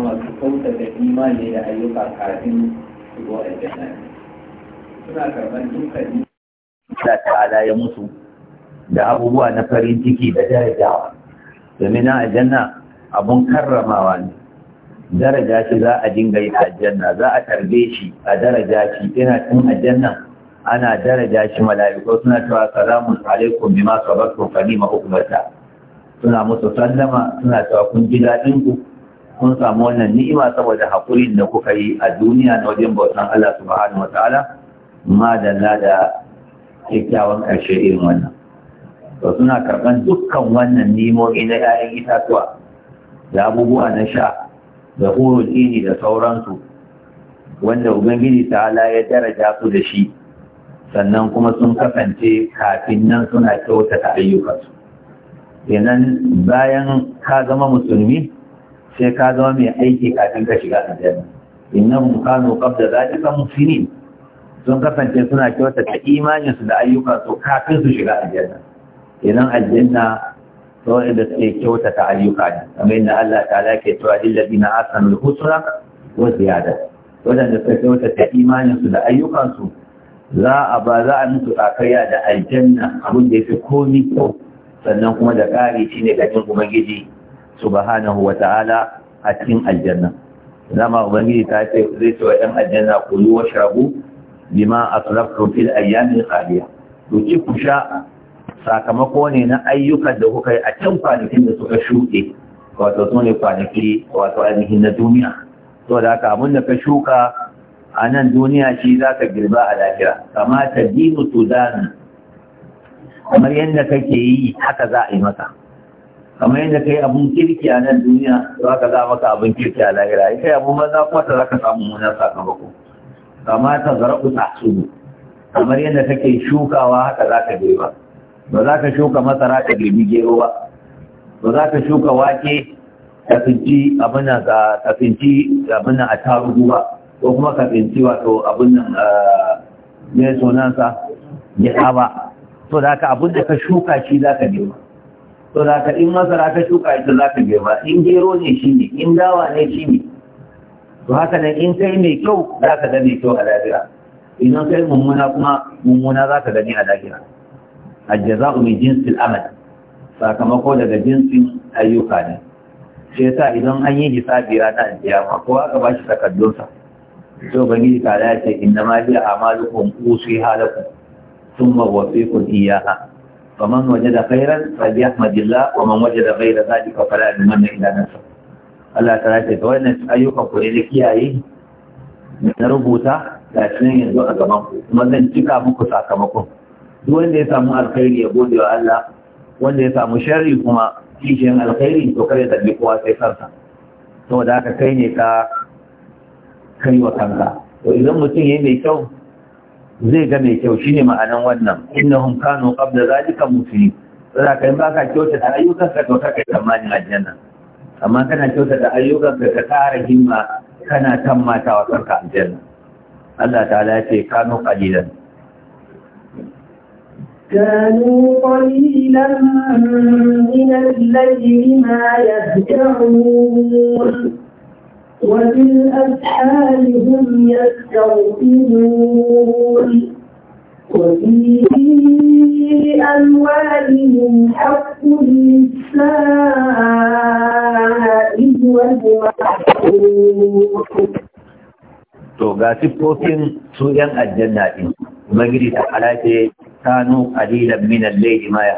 masu kautata imani da ayyuka kafin su suna karɓar dukkan Allah ta'ala ya mutu da abubuwa na farin ciki da darajawa domin na aljanna abun karramawa ne daraja shi za a dinga yi aljanna za a tarbe shi a daraja shi ina cin aljanna ana daraja shi mala'iku suna cewa salamu alaikum bima sabartum fa ma uqbata suna musu sallama suna cewa kun ji daɗin ku kun samu wannan ni'ima saboda haƙurin da kuka yi a duniya na wajen bautan Allah subhanahu wa ta'ala ma da da kyakkyawan ƙarshe irin wannan to suna karɓar dukkan wannan nimomi na 'ya'yan itatuwa da abubuwa na sha da ini da sauransu wanda ubangiji ta ya daraja su da shi sannan kuma sun kasance kafin nan suna kyautata ayyukansu kenan bayan ka zama musulmi sai ka zama mai aiki kafin ka shiga aljanna innahum kanu qabla zalika muslimin sun kasance suna kyautata imaninsu da ayyuka su kafin su shiga aljanna idan aljanna to da suke kyautata ayyuka ne kamar yadda Allah ta'ala ke cewa na ladina ahsanu al-husna wa ziyada wadanda suka kyautata imaninsu da ayyukansu za a ba za a musu takayya da aljanna abin da yafi komi sannan kuma da ƙari shine gajin ubangiji subhanahu wa ta'ala a cikin aljanna Zama ubangiji ta ce zai ce wa ‘yan aljanna ku yi wa shagu bima a tsarafin fil ayyamin kariya doki ku sha sakamako ne na ayyukan da kuka yi a can kwanakin da suka shuɗe wato su ne kwanaki wato ainihin na duniya to da haka abin da ka shuka a nan duniya shi za ka girba a lafiya kamata dinu tudan kamar yadda kake yi haka za a yi maka kamar yadda kai abun kirki a nan duniya za ka za maka abin kirki a lahira ya kai abun za kuma ta za ka samu munan sakamako kama ta zaraɓu ta su kamar yadda kake shukawa haka za ka girba ba za ka shuka masara ka girbi gero ba ba za ka shuka wake ka tsinci abin ka ka tsinci abin a tarugu ba ko kuma ka tsinci wato abin nan ne eh, sunansa ya ba to da ka abin da ka shuka shi za ka girba to da ka in masara ka shuka ita za ka girma, in gero ne shi ne in dawa ne shi ne to haka nan in kai mai kyau za ka ga mai kyau a lafiya idan kai mummuna kuma mummuna za ka gani a lafiya الجزاء من جنس الأمل sakamako daga jinsin ayyuka ne shi yasa idan an yi hisabi ranar kiyama kowa aka ba shi takardunsa to bangi ta ya ce inna ma a hiya amalukum usiha lakum thumma wafiqu iyaka. فمن وجد خيرا فليحمد الله ومن وجد غير ذلك فلا يلومن الا نفسه Allah ta rafe ta wannan ayyukan ku ne da kiyaye na rubuta da cikin yanzu a gaban ku kuma zan cika muku sakamakon duk wanda ya samu alkhairi ya gode wa Allah wanda ya samu sharri kuma kishiyan alkhairi to kare da kowa sai kansa saboda haka kai ne ka kai wa kanka to idan mutum yayi mai kyau zai ga mai kyau shine ma'anan wannan innahum kanu qabla zalika muslimin sai kai ba ka kyauta da ayyukan ka to kai tsammanin aljanna amma kana kyauta da ayyukan ka ka ƙara himma kana tammata wa sarka aljanna Allah ta'ala ya ce kanu qalilan كانوا قليلا من الليل ما يهجعون وبالأسحار هم يستغفرون وفي أموالهم حق للسائل والمحروم To ga siffofin su ‘yan aljanna ɗin, Magiri ta halace, kanu kalilan minan laili ma ya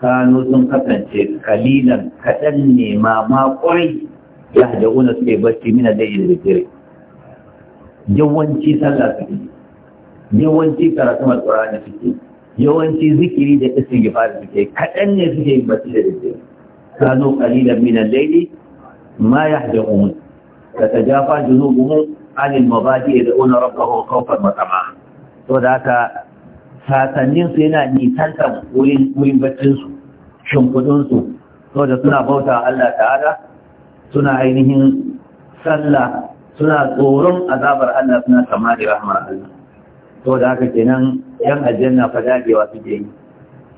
kanu sun kasance kalilan kaɗan ne ma ma ƙwai ya da una suke bacci mina da yin zikiri yawanci sallah suke yawanci karatun alqur'ani suke yawanci zikiri da istighfar suke Kaɗan ne suke yin bacci da zikiri kanu qalilan min al-layli ma yahdaun tatajafa junubuhum عن المبادئ يدعون ربهم خوفا وطمعا وذاك sasannin su yana nisantar wurin wurin baccin su shimfudun su so da suna bauta Allah ta'ala suna ainihin sallah suna tsoron azabar Allah suna samari rahmar Allah to da haka kenan yan aljanna fa dagewa suke yi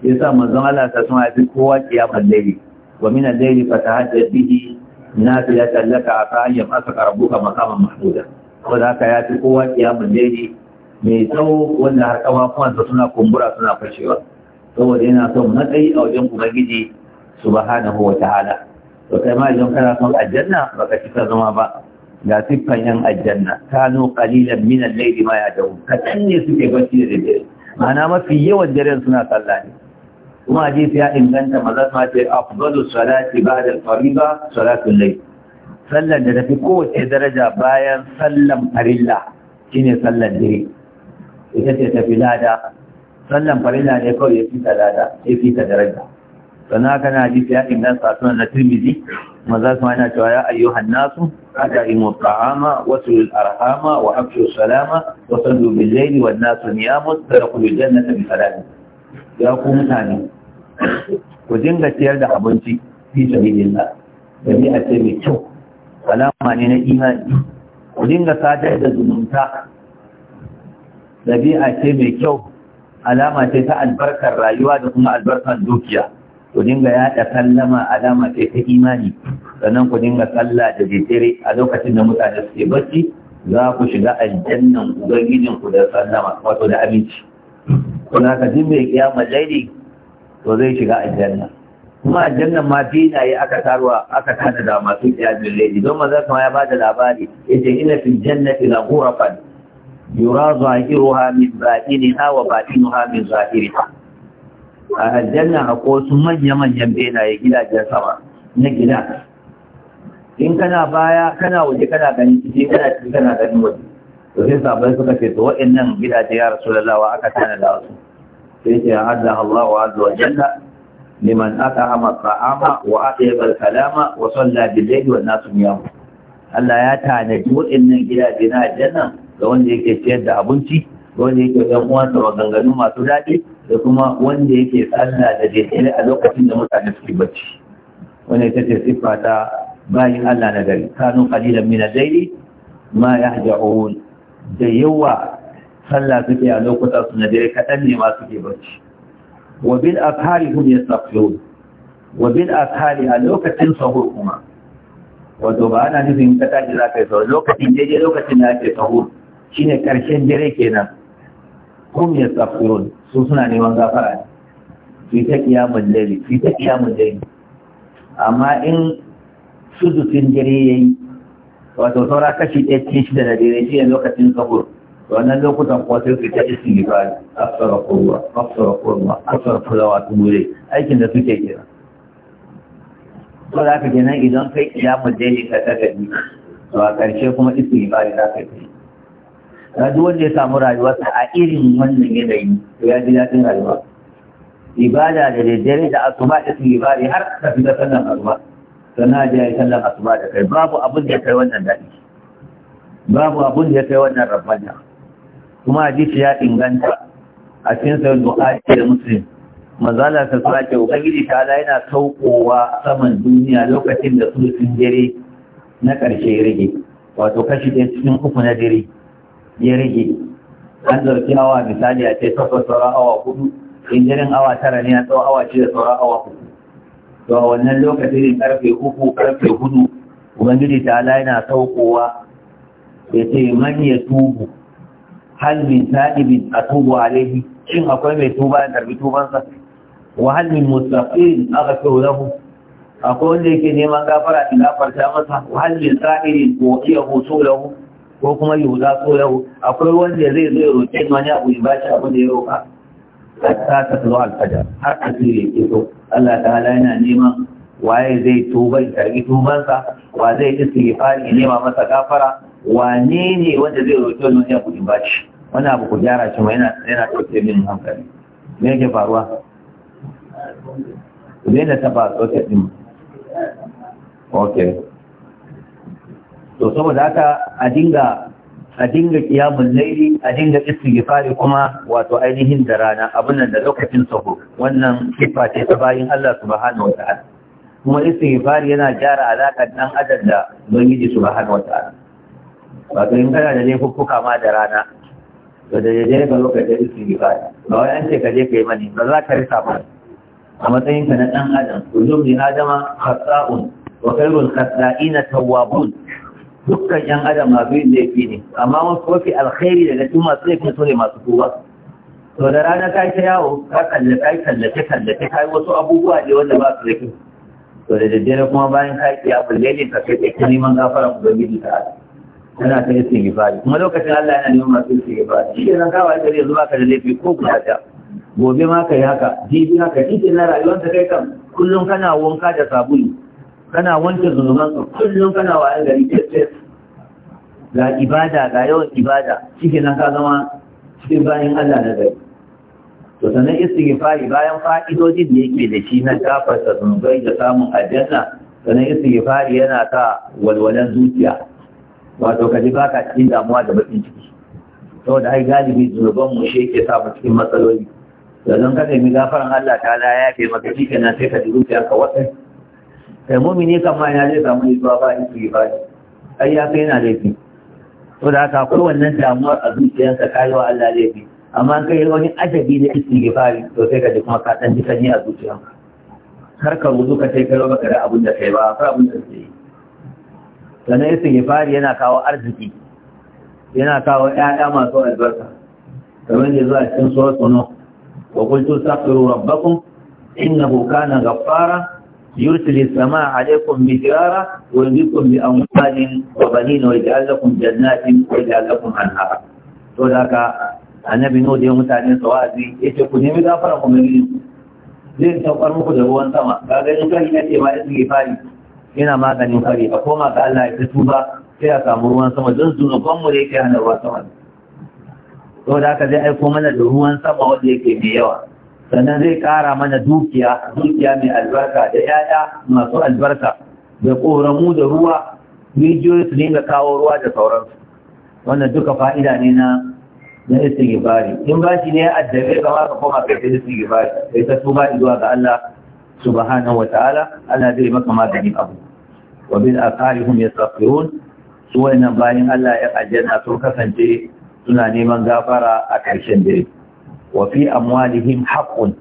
yasa manzon Allah ta sun haifi kowa kiyamar dare wa min al-layli fatahajjat bihi nafilatan laka aka ayyam asqa rabbuka maqaman mahmuda ko da haka ya fi kowa kiyamun daidai mai tsawo wanda har kafafuwansa suna kumbura suna fashewa saboda yana son matsayi a wajen ubangiji subhanahu wa ta'ala to kai ma idan kana son aljanna baka cika zama ba ga siffan yan aljanna kanu qalilan min al-layli ma ya'dun kadan ne suke bacci da dare ma'ana mafi yawan daren suna sallah ne kuma hadisi ya inganta maza ma ce afdalu salati ba'da al-fariba salatu al-layl sallan da tafi kowace daraja bayan sallan farilla shine sallan dare ita ce tafi lada sallan farilla ne kawai ya fita lada ya fita daraja Sana haka na hadisi ya inganta a na tirmizi maza su mana cewa ya ayyuhan nasu haka imu ta'ama wasu arhama wa afshu salama wa sallu bil layli wan nasu niyamun tadkhulu jannata bi salam ya ku mutane ku dinga ciyar da abinci fi sabilillah dabi a ce mai kyau alama ne na imani ku dinga sadar da zumunta dabi'a ce mai kyau alama ce ta albarkar rayuwa da kuma albarkar dukiya ku dinga yaɗa sallama alama ce ta imani sannan ku dinga sallah da jikiri a lokacin da mutane suke barci za ku shiga aljannan ubangijin ku da sallama wato da aminci kuna ka jin mai kiyama laili to zai shiga aljanna kuma aljannan ma yi aka tarwa aka tada da masu kiyamin laili don maza kama ya bada labari yace ina fil jannati la ghurafan yura zahiruha min batiniha wa batinuha min zahiriha a aljanna a kosu manya-manyan benaye gidajen sama na gida in kana baya kana waje kana gani ciki kana ciki kana gani waje to sai sabai suka ce to waɗannan gidaje ya rasu lalawa aka tana da wasu sai ce hadda Allah wa azza wa jalla liman hama at'ama wa aka yi kalama wa son bil wa nasu niyam Allah ya tanadi waɗannan gidaje na aljanna ga wanda yake ciyar da abinci ga wanda yake ɗan uwansa ganganu masu daɗi da kuma wanda yake tsalla da daidai a lokacin da mutane suke bacci wanda ita ce siffa ta bayin Allah na gari kanu qalilan min Ma ya ma yahja'un da yawa sallah suke a lokuta su na dare kadan ne ma suke bacci wa bil afhari ya yastaqilun wa bil afhari a lokacin sahur kuma wato ba ana nufin ka tashi za ka yi sahur lokacin daidai lokacin da ake sahur shine karshen dare kenan hum yastaqilun su suna neman gafara ne su ta kiyamun dare su ta kiyamun dare amma in sudutun dare ya yi wato saura kashi ɗaya ce shi da dare shi ne lokacin kabur wannan lokutan kuwa sai su ta istighfar asara kurwa asara kurwa asfara kulawa tumure aikin da suke kira to da haka kenan idan kai kiyamun dare ka ta gani to a ƙarshe kuma ne za ka yi na duk wanda ya samu rayuwarsa a irin wannan yanayi to ya ji daɗin rayuwa ibada da daidai da asuba da su ibari har ka fi da sallan asuba sannan a jiya sallan asuba da kai babu abin da ya kai wannan daɗi babu abin da ya kai wannan rabbanya kuma hadisi ya inganta a cikin sahih bukhari da muslim manzala ta sake ubangiji ta ala yana saukowa saman duniya lokacin da su sun dare na ƙarshe rage wato kashi ɗaya cikin uku na dare ya rage an ɗauki awa misali a ce takwas sauran awa hudu injirin awa tara ne a tsawo awa da sauran awa hudu to a wannan lokacin karfe uku karfe hudu ubangiji ta ala yana saukowa ya ce man ya tubu hal min sa'ibin a tubu alaihi shin akwai mai tuba ya karbi tubansa wa hal min mustaqim aka fi lahu akwai wanda yake neman gafara in gafarta masa wa hal min sa'ibin ko iya hoto lahu ko kuma yuza ko yau akwai wanda zai zo ya roƙe wani abu ya shi abu da ya roƙa hatta ta zo alfajar har ya ke so Allah Ta hala yana neman waye zai tuba ya karbi tubansa wa zai istighfari ya nema masa gafara wane ne wanda zai roƙe wani abu ya shi? wani abu ku gyara shi ma yana ɗauke min hankali me yake faruwa Zai daina taɓa tsotsi ɗin ok to saboda haka a dinga a dinga kiyamun laili a dinga istighfari kuma wato ainihin da rana abin nan da lokacin sahu, wannan kifa ce ta bayin Allah subhanahu wataala kuma istighfari yana gyara alakar dan adam da ubangiji subhanahu wataala wato in kana da laifuffuka ma da rana to da je ga lokacin istighfari ba wai an ce ka je kai mani ba za ka risa ba a matsayin ka na dan adam kullu bi adama khata'un wa khairul khata'ina tawwabun dukkan yan adam masu yin laifi ne amma wasu mafi alkhairi daga cikin masu laifin su ne masu kowa. to da rana ta ta yawo ka kalle ka kallace ka kai wasu abubuwa ne wanda ba su laifin to da daddare kuma bayan ka yi abu ne ka kai tsakin neman gafara ku gidi ta Allah kana ta yi sigifari kuma lokacin Allah yana neman masu sigifari shi ne kawai gari yanzu ka da laifi ko guda ta gobe ma ka yi haka jibi haka shi na rayuwar ta kai kan kullum kana wanka da sabulu kana wanke zunubanka kullum kana waye gari tsaye ga ibada ga yawan ibada kike nan ka zama cikin bayan Allah na gari to sannan istighfari bayan fa'idodin da yake da shi na gafarta zunubai da samun aljanna sannan istighfari yana ka walwalan zuciya wato kaji baka cikin damuwa da bakin ciki saboda ai galibi zunuban mu shi yake sa mu cikin matsaloli da don ka nemi gafaran Allah ta la ya maka shi kenan sai ka ji ka watsai sai eh, mumini kama yana zai samu nutsuwa ba isi ba ai ya kai yana laifi to da haka akwai wannan damuwar a zuciyarsa kayi wa Allah laifi amma kai wani ajabi na istighfari to sai ka ji kuma ka dan ji sanyi a zuciyarka kar ka rudu ka sai ka roba ka da abin da kai ba akwai abin da yi. kai sannan istighfari yana kawo arziki yana kawo 'ya'ya masu albarka kamar da zuwa cikin suratul nuh wa qultu astaghfiru rabbakum innahu kana ghaffara يرسل السماء عليكم مدرارا ويمدكم بأموال وبنين ويجعل لكم جنات ويجعل لكم أنهارا وذاك annabi no da mutane tsawazi ya ce ku nemi gafara kuma gini zai saukar muku da ruwan sama ga ganin kai ya ce ma ya tsinge fari yana maganin fari a koma ga Allah ya tuba sai a samu ruwan sama don zunuban mu da yake hana ruwan sama to da ka zai aiko mana da ruwan sama wanda yake mai yawa sannan zai ƙara mana dukiya dukiya mai albarka da 'ya'ya masu albarka da ƙoramu da ruwa rijiyoyi su dinga kawo ruwa da sauransu wannan duka fa'ida ne na na istighfari in ba shi ne addabe kama ka koma kai ta da kai ta tuba zuwa ga Allah subhanahu wa ta'ala Allah zai maka maganin abu wa bil aqarihum yastaghfirun su wannan bayan Allah ya aljanna sun kasance suna neman gafara a ƙarshen dare wa fi amwalihim haqqun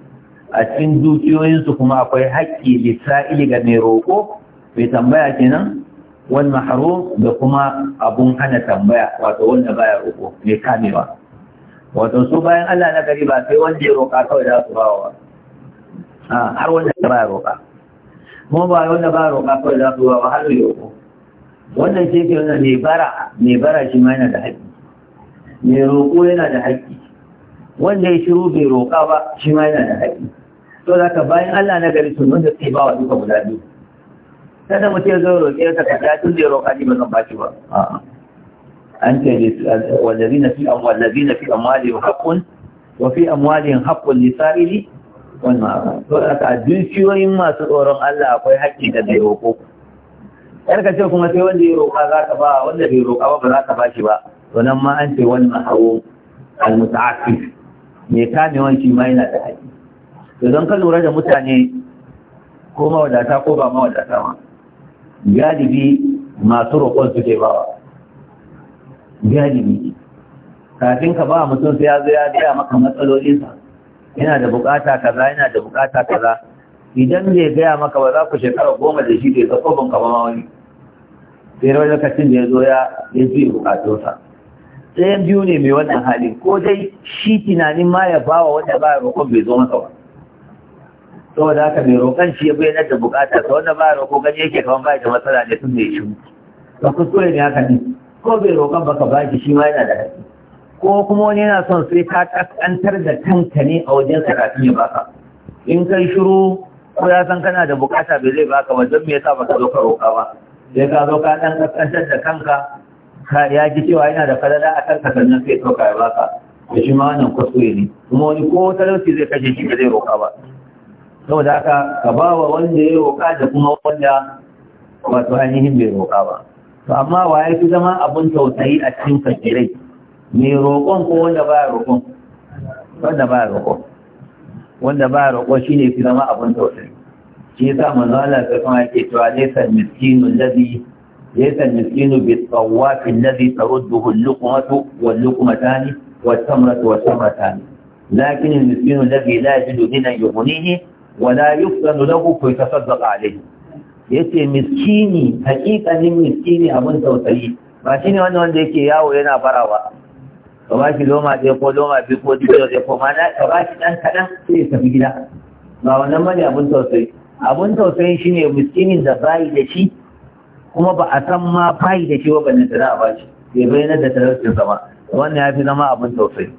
a cikin dukiyoyinsu kuma akwai haƙƙi lisa'ili ga mai roƙo mai tambaya kenan wal mahrum da kuma abun hana tambaya wato wanda baya roƙo mai kamewa wato su bayan Allah na gari ba sai wanda ya roƙa kawai da su bawa har wanda baya roƙa kuma ba wanda baya roƙa kawai da su bawa har ya roƙo wannan ce ke wannan mai bara mai bara shi ma yana da haƙƙi mai roƙo yana da haƙƙi wanda ya shiru bai roƙa ba shi ma yana da haƙƙi to za ka bayan Allah na gari sun wanda suke ba wa duka guda biyu kada mutum zai roƙe ka ka ja tun da roƙa ni ba zan baki ba an ce wallazina fi wallazina fi amwalihim haqqun wa fi amwalihim haqqun lisa'ili wal ma'ruf to da ka dukiyoyin masu tsoron Allah akwai haƙƙi da bai roƙo yar ka ce kuma sai wanda ya roƙa za ka ba wanda bai roƙa ba ba za ka ba shi ba to nan ma an ce wal hawo, al-muta'affif mai kamewan shi ma yana da haƙi to don ka lura da mutane ko mawadata ko ba mawadata ma galibi masu roƙon suke bawa galibi kafin ka ba mutum sai ya zo ya gaya maka matsalolinsa yana da bukata kaza yana da bukata kaza idan bai gaya maka ba za ku shekara goma da shi ke ga kofin ka ba wani sai rawar lokacin da ya zo ya ya ji bukatunsa ɗayan biyu ne mai wannan hali ko dai shi tunanin ma ya ba wa wanda ba roƙon bai zo masa ba saboda haka mai roƙon shi ya bayyana da bukata ta wanda ba roƙo gani yake kawai ba da matsala ne tun da ya shi ba kuskure ne haka ne ko bai roƙon baka ba shi ma yana da haƙƙi ko kuma wani yana son sai ka ƙasƙantar da kanka ne a wajen sa kafin ya baka in kai shiru ko ya san kana da bukata bai zai baka ba don me yasa baka zo ka roƙa ba sai ka zo ka ɗan ƙasƙantar da kanka ya ji cewa yana da falala a kanka sannan sai ɗauka ya baka da shi ma wannan kuskure ne kuma wani ko talauci zai kashe shi ba zai roƙa ba saboda haka ka ba wa wanda ya roƙa da kuma wanda wato ainihin bai roƙa ba to amma wa ya fi zama abin tausayi a cikin fakirai mai roƙon ko wanda baya roƙon wanda baya roƙon wanda baya roƙon shine fi zama abin tausayi shi ya sa Allah sai kuma yake cewa laysa miskinu alladhi ليس المسكين بالطواف الذي ترده اللقمة واللقمتان والتمرة والتمرتان لكن المسكين الذي لا يجد غنى يغنيه ولا يفتن له فيتصدق عليه yace miskini hakikanin miskini abin tausayi ba shine wani wanda yake yawo yana farawa ka ba shi loma ɗaya ko loma biyu ko biyu ɗaya ko ma na ka ba shi ɗan kaɗan sai ya tafi gida ba wannan bane abin tausayi abin shine miskinin da bayi da shi kuma ba a san ma fayi da shi ba ban da a bashi bai bayyana da talaucin zama wannan ya fi zama abin tausayi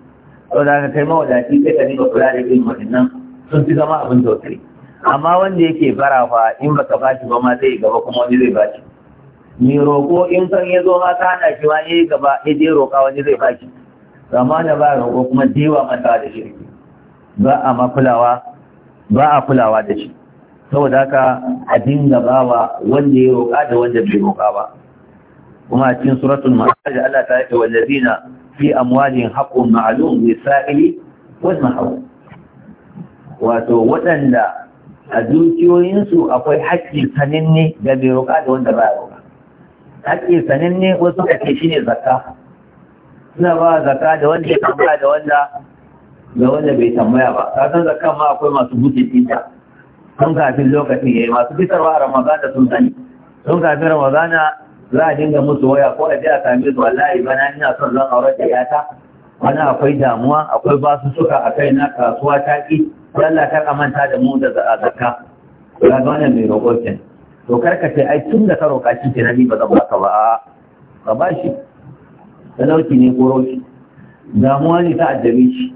saboda haka kai mawadaci sai ka nima kula da irin waɗannan sun fi zama abin tausayi amma wanda yake bara fa in baka bashi ba ma zai gaba kuma wani zai bashi ni roƙo in kan ya zo ma ka hana shi ma ya yi gaba ya je roƙa wani zai bashi amma da ba roƙo kuma dewa mata da shirki ba a ma kulawa ba a kulawa da shi saboda haka a dinga bawa wanda ya roƙa da wanda bai roƙa ba kuma a cikin suratul ma'arij Allah ta ce wallazina fi amwalihim haqqun ma'lum lisa'ili wal mahrum wato waɗanda a su akwai haƙƙi sananne ga bai roƙa da wanda ba roƙa haƙƙi sananne wasu kake shi ne zakka suna ba zakka da wanda ya tambaya da wanda da wanda bai tambaya ba kasan zakka ma akwai masu buɗe tinta sun kafin lokaci ya yi masu fitarwa ramadana sun sani sun kafin ramadana za a dinga musu waya ko a je a same su wallahi bana ina son zan aure da yata wani akwai damuwa akwai basu suka a kai na kasuwa ta ki yalla ta kamanta da mu da zakka ga wannan mai roƙokin to karka ce ai tun da ka roƙa shi ke ni ba zan ka ba ka ba shi talauci ne ko roƙi damuwa ne ta addabi shi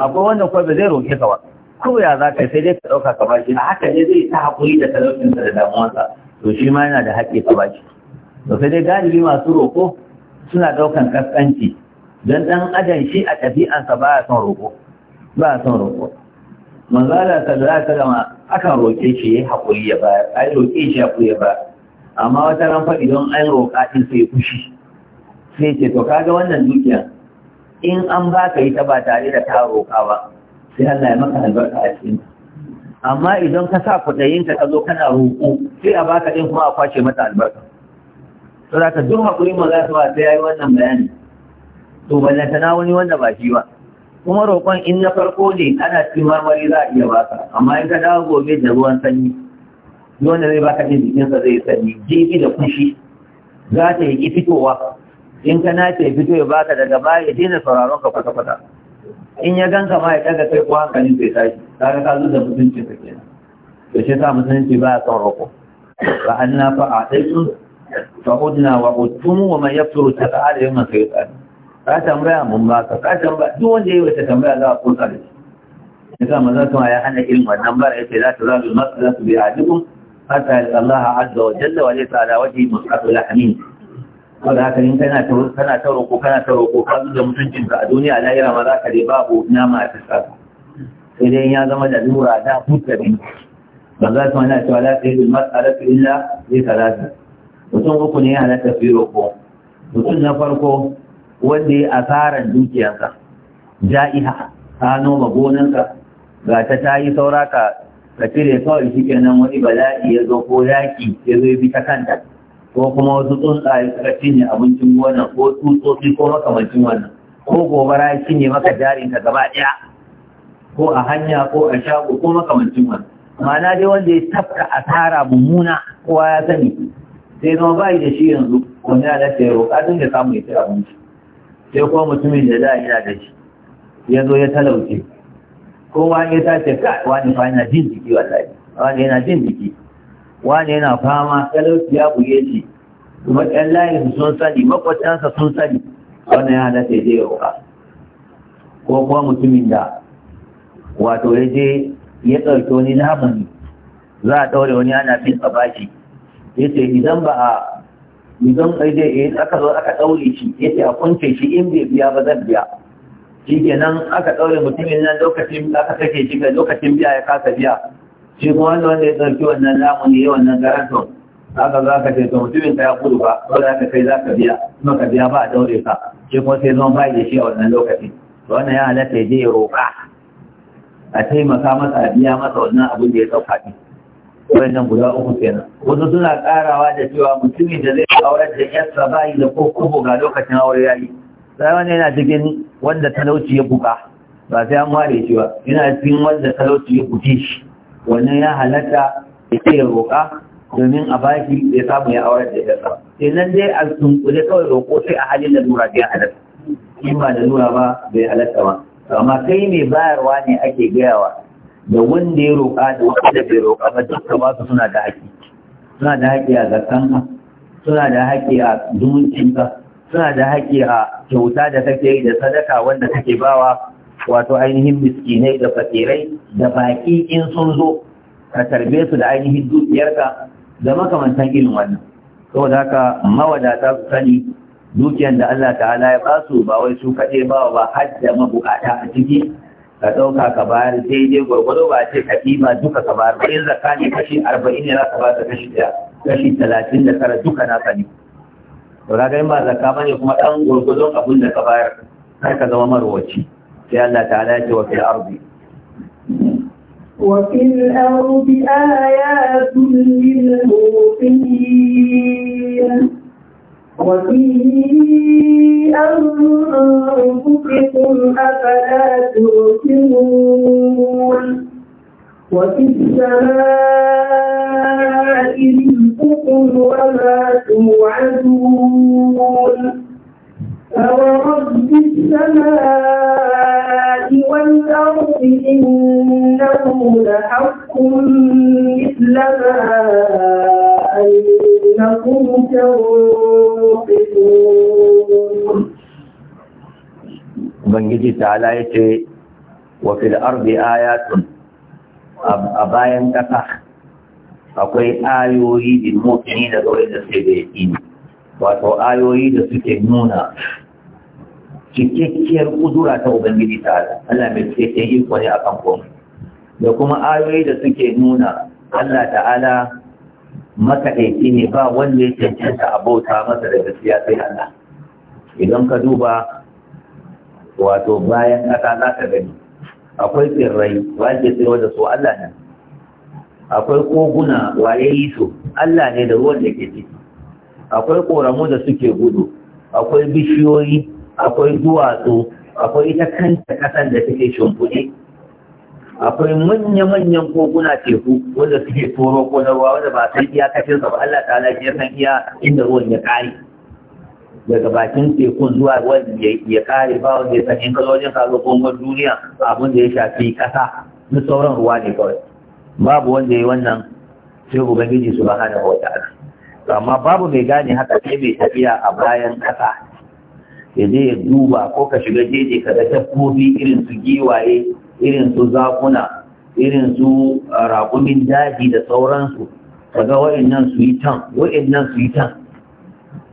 akwai wanda kawai ba zai roƙe ka ba ko ya za ka sai dai ka ɗauka ka bashi na haka ne zai ta haƙuri da talaucinsa da damuwarsa to shi ma yana da haƙƙi ka bashi to sai dai galibi masu roƙo suna ɗaukan kaskanci don ɗan adam shi a ɗabi'ansa ba ya son roƙo ba ya son roƙo manzala sallallahu alaihi wasallam akan roƙe shi ya haƙuri ya ba yi roƙe shi ya ya ba amma wata ran faɗi don an roƙa din sai fushi sai ce to kaga wannan dukiya in an baka ta ba tare da ta roƙa ba sai Allah ya maka albarka a cikin amma idan ka sa kudayen ka zo kana roƙo sai a baka din kuma a kwace mata albarka to da ka duk hakuri ma za su ba sai yayi wannan bayani to ballanta na wani wanda ba shi ba kuma roƙon in na farko ne ana cikin marmari za a iya baka amma in ka dawo gobe da ruwan sanyi wanda zai baka jikin sa zai sanyi jibi da kushi za ta yi fitowa in ka nace fito ya baka daga baya ya daina sauraron ka kwata-kwata in ya ganka ma ya kada kai ko hankalin bai tashi kaga ka zo da mutunci ka kenan to shi sa mutunci ba ya son roƙo fa anna fa a'taytu fa udna wa utumu wa man yafuru ta'ala yawma sayyidan ka tambaya mun ba ka ka tambaya duk wanda yayi wata tambaya za a kusa da shi yasa maza sun ya hana irin wannan bara yace za ta zalu masu za su bi ahadukum hatta Allah azza wa jalla wa tsada ala wajhi mus'atu amin wanda haka in kana ta kana ta roko kana ta roko ka zuwa mutuncin ka a duniya lahira ma za ka dai babu nama a tsaka sai dai ya zama da lura da mutane ba za su mana cewa lafiya ta yi ta illa zai salasa mutum uku ne ya halatta fi roko mutum na farko wanda ya asaran dukiyarsa ja'iha ta noma gonarsa ga ta ta yi saura ka ka cire kawai shi kenan wani bala'i ya zo ko yaki ya zo ya bi ta kanta ko kuma wasu tsuntsaye suka cinye abincin wannan, ko tsutsotsi ko makamancin wannan ko gobara ya cinye maka jarin ka gaba ɗaya ko a hanya ko a shago ko makamancin wannan ma'ana dai wanda ya tafka asara mummuna kowa ya sani sai zama ba da shi yanzu wani ya sai roƙa tun da samu ya ci abinci sai kuma mutumin da za a yi da shi ya zo ya talauce kowa ya tashi ka wani fa yana jin jiki wallahi wani yana jin jiki wane yana fama talauci ya buge shi kuma ɗan layin sun sani makwatansa sun sani wannan ya halatta ya zai yauka ko kuma mutumin da wato ya je ya ɗauki wani lamuni za a ɗaure wani ana fin a bashi ya ce idan ba a idan ɗaide eh, in aka zo aka ɗaure shi ya ce a kunce shi in bai biya ba zan biya shi kenan aka ɗaure mutumin nan lokacin aka kake shi ga lokacin biya ya kasa biya shi kuma wanda wanda ya ɗauki wannan namun ya wannan garanto haka za ka ce mutumin ka ya kudu ba ko za ka kai za ka biya kuma ka biya ba a daure ka shi kuma sai zama bai da shi a wannan lokacin to wannan ya halatta ya je ya roƙa a taimaka masa a biya masa wannan abin da ya sauka ɗin wannan guda uku kenan wasu suna karawa da cewa mutumin da zai aurar da yarsa bayi da ko kubo ga lokacin aure ya yi. sai wani yana cikin wanda talauci ya buga ba sai an ware shi ba yana cikin wanda talauci ya buge shi wannan ya halatta ya ce ya roƙa domin a bashi ya samu ya aurar da yasa sai nan dai a tunkule kawai roƙo sai a halin da nura ya halatta in ba da nura ba bai halatta ba amma kai mai bayarwa ne ake gayawa da wanda ya roƙa da wanda bai roƙa ba duka ba su suna da haƙƙi suna da haƙƙi a zakanka suna da haƙƙi a zumuncinka suna da haƙƙi a kyauta da kake yi da sadaka wanda kake bawa wato ainihin biskinai, da fakirai da baki in sun zo ka tarbe su da ainihin dukiyarka da makamantan irin wannan saboda haka mawadata su sani dukiyar da Allah ta'ala ya basu ba wai su kaɗai ba ba har da mabukata a ciki ka ɗauka ka bayar daidai gwargwado ba ce ka duka ka bayar bayan zaka ne kashi arba'in ne za ka ba kashi ɗaya kashi talatin da tara duka ka ne to ga in ba zaka bane kuma ɗan gwargwadon abin da ka bayar kar ka zama marwaci sai Allah ta'ala ya ce وفي الأرض آيات للموقنين وفي أنفسكم أفلا تبصرون وفي السماء رزقكم وما توعدون فورب السماء والأرض إنه لحق مثل ما أنكم تنطقون Ubangiji ta'ala ya ce, wa fil ardi ayatun a bayan ƙasa akwai ayoyi da mutane da kawai da sai da yaƙini, wato ayoyi da suke nuna cikakkiyar kudura ta ubangiji ta Allah mai yi iko ne kan komai da kuma ayoyi da suke nuna Allah ta'ala makaɗaici ne ba wanda ya cancanta a bauta masa da gaskiya sai Allah idan ka duba wato bayan ƙasa za ka gani akwai tsirrai ke tsirwa da su Allah ne akwai koguna waye yi su Allah ne da ruwan da ke ciki akwai ƙoramu da suke gudu akwai bishiyoyi akwai duwatsu akwai ita kanta ƙasan da take shimfiɗe akwai manya-manyan koguna teku wanda suke toro ko na ruwa wanda ba san iyakacin sa ba Allah ta ala ya san iya inda ruwan ya kare daga bakin tekun zuwa ruwan ya kare ba wanda ya san in kazo wajen kazo gongon duniya abin da ya shafi ƙasa na sauran ruwa ne kawai babu wanda ya yi wannan sai ubangiji subhanahu wa ta'ala amma babu mai gane haka sai mai tafiya a bayan ƙasa ya je ya duba ko ka shiga jeje ka da dabbobi irin su giwaye irin su zakuna irin su uh, raƙumin daji da sauransu ka ga wa'annan su yi tan wa'annan su yi can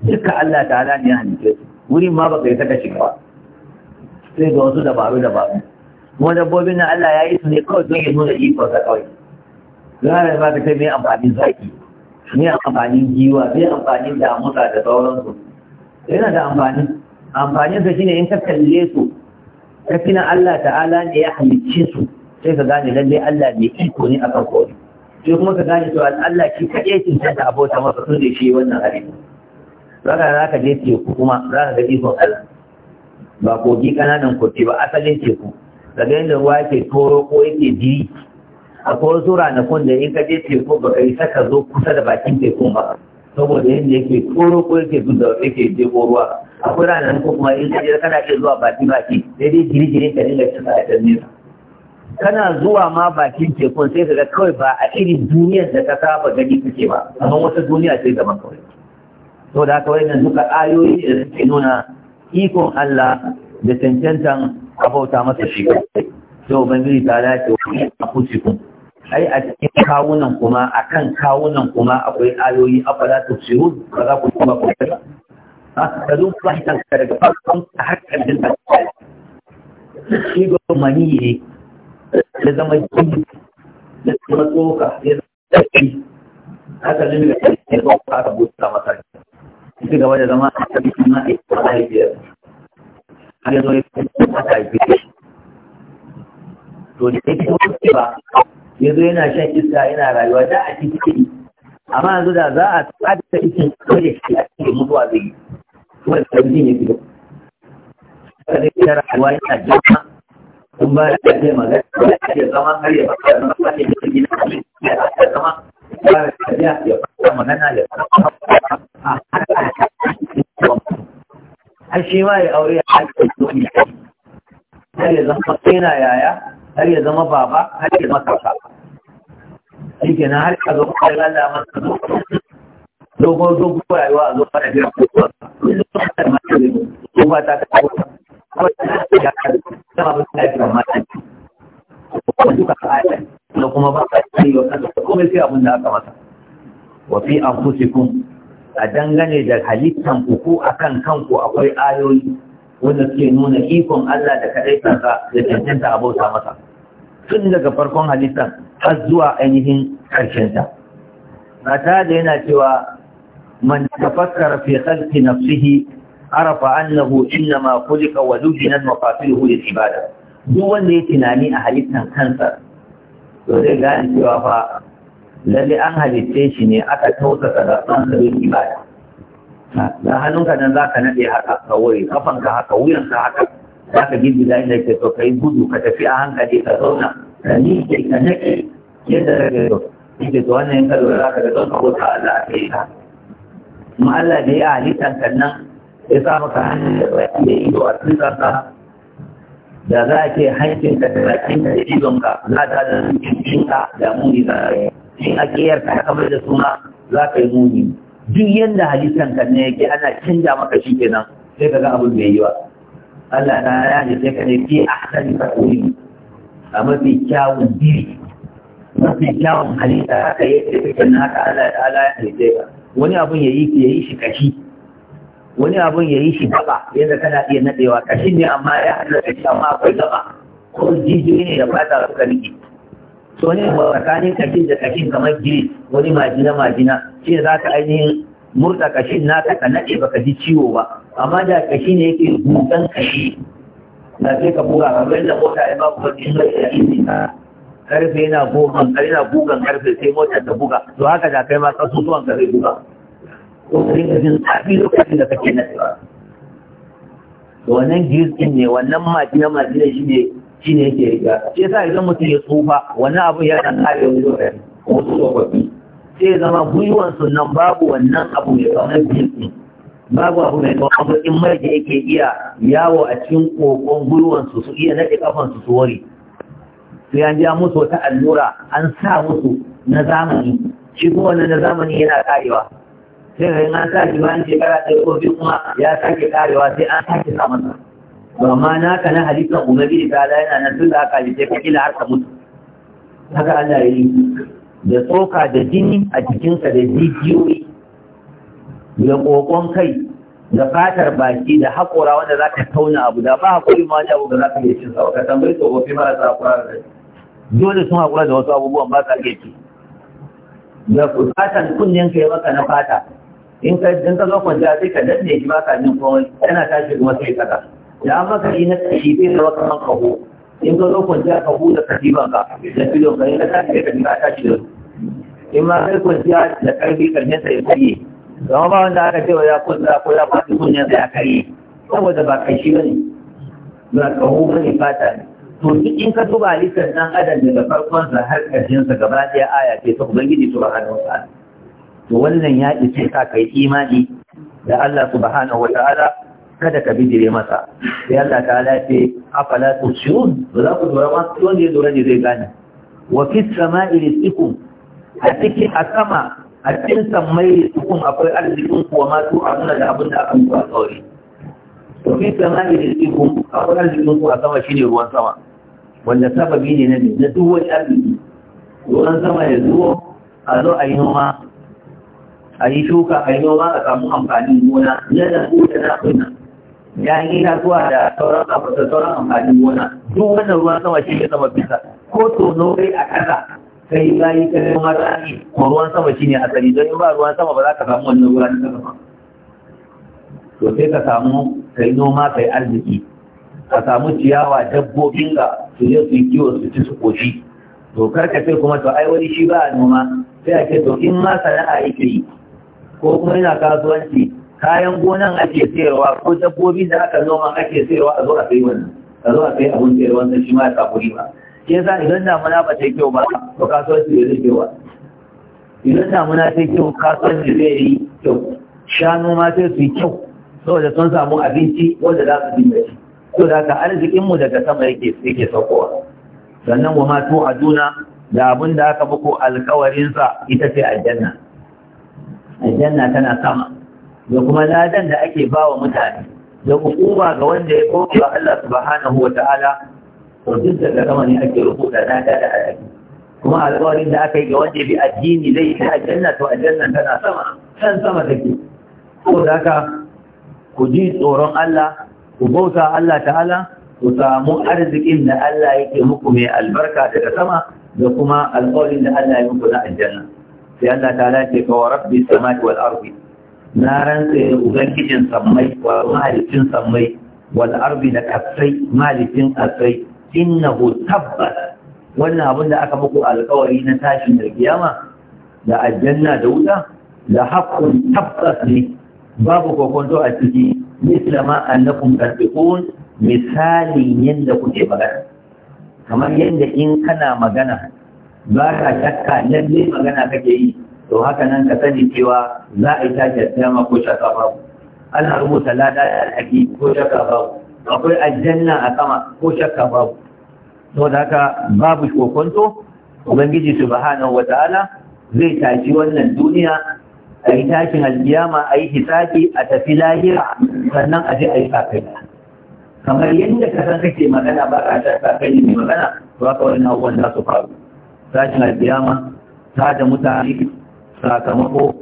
duka Allah ta'ala ne a halice su wurin ma baka yi saka shiga ba sai ga wasu dabaru dabaru kuma dabbobin na Allah ya yi su ne kawai don ya nuna ikon sa kawai gara ba ta kai mai amfanin zaki mai amfanin giwa mai amfanin damusa da sauransu yana da amfani amfanin sa shine in ka kalle su ka tuna Allah ta'ala ne ya halicce su sai ka gane lalle Allah ne iko ne akan kowa sai kuma ka gane cewa Allah shi kaɗai cancanta abota masa tun da shi wannan hari za ka je teku kuma za ka ga ikon Allah ba kogi ƙananan kurti ba asalin teku daga yadda ruwa yake toro ko yake diri akwai wasu ranakun da in ka je teku ba ka yi saka zo kusa da bakin tekun ba saboda yadda yake koro ko yake da yake jebo ruwa akwai ranar ko kuma in kaje kana iya zuwa baki baki sai dai giri ka dinga cika a dan nesa kana zuwa ma bakin tekun sai ka kawai ba a irin duniyar da ka saba gani kake ba amma wata duniya sai daban kawai saboda haka wannan duka ayoyi da suke nuna ikon Allah da cancantan bauta masa shi kai ban ubangiji ta ke wani a kusikun ai a cikin kawunan kuma akan kawunan kuma akwai ayoyi afala tusirun ba za ku kuma ku ba ka zo ba ta daga farkon har karshen ta shi ga mani ne da zama jini da zama tsoka ya zama tsaki haka ne ga ya zo ka ka buta masa shi gaba da zama a cikin na a ko biyar har yanzu ya kuma ta biyar to da yake wuce ba ya yana shan iska yana rayuwa da a cikin amma yanzu da za a tsada ikin kawai shi a cikin mutuwa zai yi kuma da sabbin ya fito kada ya rayuwa yana jama kun ba da ake magana da ake zama har ya fara zama ba ne da gina da ake zama ba da tafiya ya fara magana ya fara a a haka a haka a haka a haka a a haka a haka har yă zama tsena yaya har ya zama baba har ya zama kasa shi na har ka zo ka lalata masa zo dogon dogon rayuwa a zo fara biyar ko ba ko ba ta ta ko ba ta ta ya ta ba ta ta ma ta ko duka ayata da kuma ba ka yi wa kanka Kuma sai abin da aka masa wa fi anfusikum a dangane da halittan ku ko akan kanku akwai ayoyi wanda suke nuna ikon Allah da kaɗaitarsa da cancanta a bauta masa tun daga farkon halittar har zuwa ainihin karshenta ba ta da yana cewa man tafakkara fi na nafsihi arafa annahu innama khuliqa wa lubina mafasiluhu lil ibada duk wanda ya tunani a halittar kansa to zai gane cewa fa lalle an halitte shi ne aka tausasa da tsansa ibada da hannunka nan za ka naɗe haka ka wuri kafanka haka wuyanka haka za ka gidi da inda ke so yi gudu ka tafi a hankali ka zauna ka nike ka nake yadda ka ke so yake to wannan yanka da za ka ga don ko ta Allah a kai ka kuma Allah da ya halittan ka nan ya sa maka hannun da baki da ido a tsirkarka da za a ce hankinka da bakinka da ka za ta da cikinka da muni za a yi in a ƙiyarka ya kamar da suna za ka yi muni duk yadda halittar ka ne yake ana canja maka shi kenan sai ka ga abin bai yi ba Allah ta ya ne sai ka ne fi ahsani taqwim a mafi kyawun biri mafi kyawun halitta haka yake cikin haka Allah ta ya ne sai ka wani abin ya yi shi kashi wani abin ya yi shi gaba yadda kana iya nadewa kashi ne amma ya hada da shi amma akwai gaba ko jijiyoyi ne da fata suka rike to ne tsakanin kashin da kashin kamar gini wani majina majina shi za ka ainihin murta kashin ta ka naɗe ka ji ciwo ba amma da kashi ne yake gugan kashi da sai ka buga bayan da mota ya ba ku bakin mai da izini karfe yana gugan karfe yana gugan karfe sai motar ta buga to haka da kai ma kasusuwan ka zai buga ko sai ka jin tafi lokacin da kake naɗewa to wannan giris ne wannan majina majina shi ne shi ne yake riga shi yasa idan mutum ya tsufa wani abu ya kan kare wani lokaci ko tsofaffi sai zama gwiwan sunan babu wannan abu mai tsawon jinsi babu abu mai tsawon abu in mai da yake iya yawo a cikin kokon gwiwan su su iya naɗe kafan su su wari sai ja musu wata allura an sa musu na zamani shi kuma wannan na zamani yana ƙarewa. sai ga an sa shi bayan shekara ɗaya ko biyu kuma ya sake karewa sai an sake sa to amma naka na halitta umarni da ta'ala yana nan tun da aka halitta ka kila harka mutu haka Allah ya yi da tsoka da jini a jikinsa da jijiyoyi da kokon kai da fatar baki da haƙora wanda za ka tauna abu da ba haƙori ma wani abu da za ka iya cin sa ka tambayi tsofaffi marasa haƙura da kai dole sun haƙura da wasu abubuwan ba sa iya ci da fatan kunnen ka maka na fata in ka zo kwanciya sai ka danne shi ba ka jin komai yana tashi kuma sai ka da an maka yi na tashi da wata man kahu in ka zo kwanciya kahu da katiban ka Na filo ka yi na tashi da ka tashi da su in ma kai kwanciya da karfi karshen sa ya karye zama ba wanda aka cewa ya kwanta ko ya faɗi kunyan sa ya karye saboda ba kai shi bane ba kaho bane fata ne to duk in ka duba halittar dan adam daga farkon sa har karshen sa gaba ɗaya aya ce ta ubangiji subhanahu wataala to wannan ya ce ka kai imani da Allah subhanahu ta'ala kada ka bijire masa sai Allah ta ala ce afala tusirun ba za ku dora masu wanda ne dora ne zai gane wa fi sama'i rizqikum a cikin a sama a cikin samai rizqikum akwai arzikin ku wa masu amuna da abinda da aka muku a tsauri wa fi sama'i rizqikum akwai arzikin ku a sama shine ruwan sama wanda sababi ne na na duk wani arziki ruwan sama ya zuwa a zo a yi noma a yi shuka a yi noma a samu amfanin gona yana da na yayin itatuwa da sauran abu da sauran amfanin gona duk wannan ruwan sama shi ne sama bisa ko tono kai a kasa. kai bayi ka noma rani ko ruwan sama shi ne asali don in ba ruwan sama ba za ka samu wannan ruwan sama to sai ka samu kai noma kai arziki ka samu ciyawa dabbobin ga su je su yi kiwo su ci su koshi to kar ka ce kuma to ai wani shi ba a noma sai a ce to in ma sana'a yake yi ko kuma yana kasuwanci kayan gonan ake sayarwa ko dabbobi da aka noma ake sayarwa a zo a sai wannan a zo a sai abun sayarwa wannan shi ma ya kuɗi ba. shi yasa idan damuna ba ta kyau ba to kasuwanci bai zai kyau ba idan damuna ta kyau kyau kasuwanci zai yi kyau shanu ma sai su yi kyau saboda sun samu abinci wanda za su dinga ci to da ka mu daga sama yake yake saukowa sannan wa a aduna da abin da aka muku sa ita ce aljanna aljanna tana sama da kuma ladan da ake ba wa mutane da hukuma ga wanda ya koke wa Allah subhanahu wa ta'ala to duk da gama ne ake rubuta na da da alaƙi kuma alƙawarin da aka yi ga wanda bi addini zai yi aljanna to aljanna tana sama can sama take saboda haka ku ji tsoron Allah ku bauta Allah ta'ala ku samu arzikin da Allah yake muku mai albarka daga sama da kuma alƙawarin da Allah ya muku na aljanna sai Allah ta'ala ce ka wa rabbi samai wal ardi na rantse da ubangijin sammai wa mahalicin sammai wa arbi da kasai mahalicin kasai innahu tabbas wannan abin da aka muku alkawari na tashin da kiyama da aljanna da wuta da haƙƙun tabbas ne babu kokonto a ciki mislama annakum tasbiqun misalin yanda kuke magana kamar yanda in kana magana ba ka shakka lalle magana kake yi to haka nan ka sani cewa za a yi tashi kiyama ko shaka babu ana rubuta lada da alhaki ko shaka babu akwai aljanna a sama ko shakka babu to da haka babu kokonto ubangiji subhanahu wataala zai tashi wannan duniya a yi tashin alkiyama a yi hisabi a tafi lahira sannan a je a yi sakaiya kamar yadda ka san kake magana ba ka shakka kai mai magana to haka wannan abubuwan za su faru tashin alkiyama ta da mutane sakamako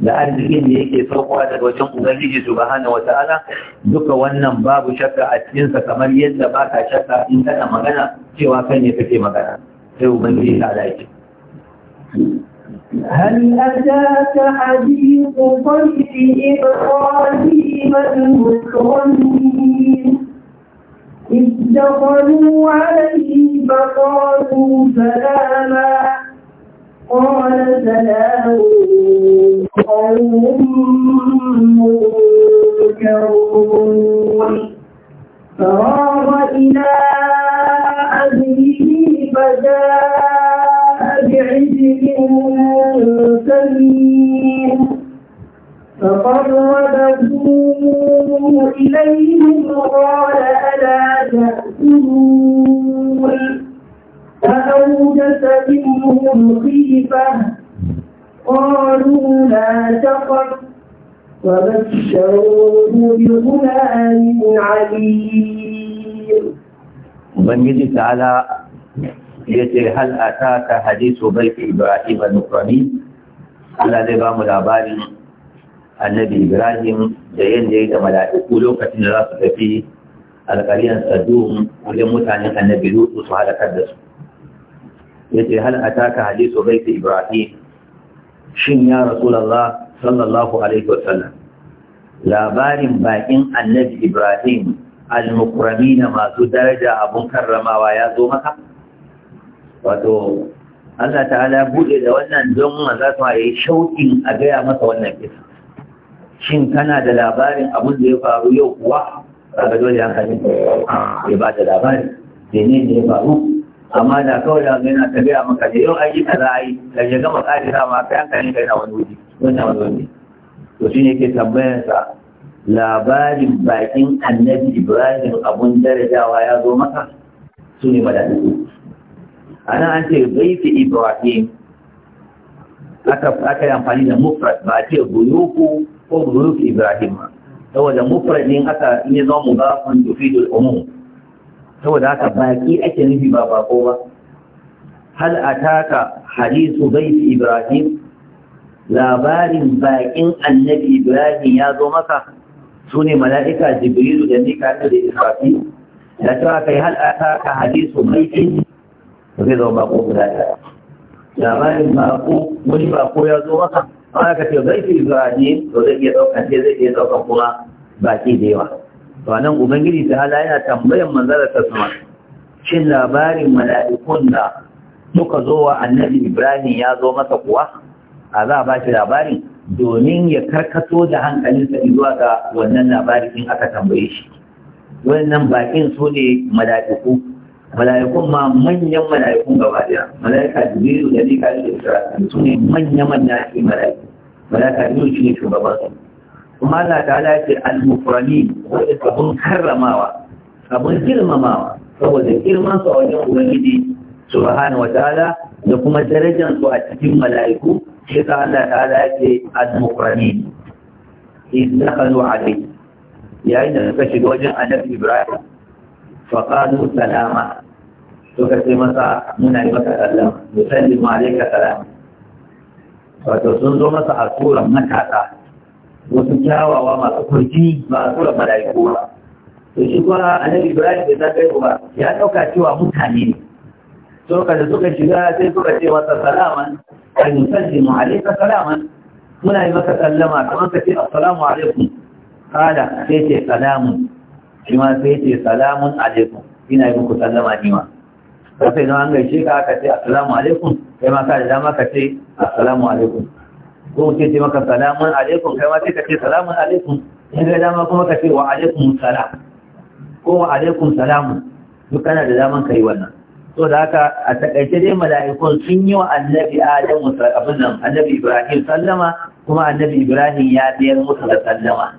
da arzikin da yake saukowa daga wajen Ubangiji subhanahu wata'ala duka wannan babu shakka a cikinsa kamar yadda ba ka shakka in kana magana cewa kan ne kake magana sai Ubangiji ta dace. هل أتاك حديث ضيف إبراهيم المكرمين إذ دخلوا عليه فقالوا سلاما سلام قوم منكرون فراغ إلى أهله فجاء بعجل سمين فقربه إليهم قال ألا تأكلون فأوجس منهم خيفة قالوا لا تقر وبشروه بغلام عليم من يجي تعالى يسير هل اتاك حديث بيت ابراهيم المكرمي على ذي الاباري النبي ابراهيم جايين جاي كما لا يقولوا كتن راس كفي القريان صدوم ولموت عن النبي لوط وصحى لكدس يسير هل اتاك حديث بيت ابراهيم shin ya rasulullah sallallahu alaihi wasallam labarin bakin annabi ibrahim al na masu daraja abun karramawa ya zo maka wato Allah ta'ala bude da wannan don maza su ya yi shauƙin a gaya masa wannan kisa shin kana da labarin abun da ya faru yau kuwa kaga dole hankalin ya ba da labarin ne ne ya faru amma da kawai da gani ta gaya maka da yau an yi kaza yi da ya gama tsari sa ma kai hankali kai na wani wuri wannan wani wuri to shi ne ke tambayar sa labarin bakin annabi ibrahim abun darajawa ya zo maka su ne duk ana an ce baiti ibrahim aka yi amfani da mufrad ba a ce buyuku ko buyuku ibrahim ba saboda ne aka yi zama tufi da umum saboda haka baki ake nufi ba bako ba hal ataka hadisu baiti ibrahim labarin bakin annabi ibrahim ya zo maka su ne mala'ika jibrilu da nika da isafi da ta kai hal ataka hadisu baiti zai zama bako guda ɗaya labarin bako wani bako ya zo maka ba ka ce baiti ibrahim to zai iya ɗaukan zai iya ɗaukan kuma baki da yawa to nan ubangiji ta hala yana tambayan manzara ta sama shin labarin mala'ikun da suka zo wa annabi ibrahim ya zo masa kuwa a za a ba shi labarin domin ya karkato da hankalinsa zuwa ga wannan labarin in aka tambaye shi wannan bakin su ne mala'iku mala'ikun ma manyan mala'ikun gaba daya mala'ika jibiru da ne kare da su ne manya manya ake mala'iku mala'ika jibiru shi ne shugaban su kuma Allah ta ala ce al-mufrani wanda abun karramawa abun girmamawa saboda girman su a wajen ubangiji subhanahu ta'ala da kuma darajar su a cikin mala'iku shi ka Allah ta ala ce al-mufrani in dakhalu alayhi yayin da suka shiga wajen annabi Ibrahim fa qalu salama suka ce masa muna yi maka sallama musallimu alayka salama wato sun zo masa a turan matasa kyawawa masu kurji masu da mala'iku ba to shi kuma annabi ibrahim bai san kai ba ya dauka cewa mutane ne to kada suka shiga sai suka ce masa salaman an mu alayka salaman muna yi maka sallama kamar ka ce assalamu alaikum kada sai ce salamun shi ma sai ce salamun alaikum ina yi muku sallama ni ma sai don an gaishe ka aka ce assalamu alaikum kai ma ka da dama ka ce assalamu alaikum ko ke ce maka salamun alaikum kai ma sai ka ce salamun alaikum in ga dama kuma ka ce wa alaikum salam ko wa alaikum salamun duk kana da daman kai wannan to da haka a takaice dai mala'ikun sun yi wa annabi adamu abin nan annabi ibrahim sallama kuma annabi ibrahim ya biyar musu da sallama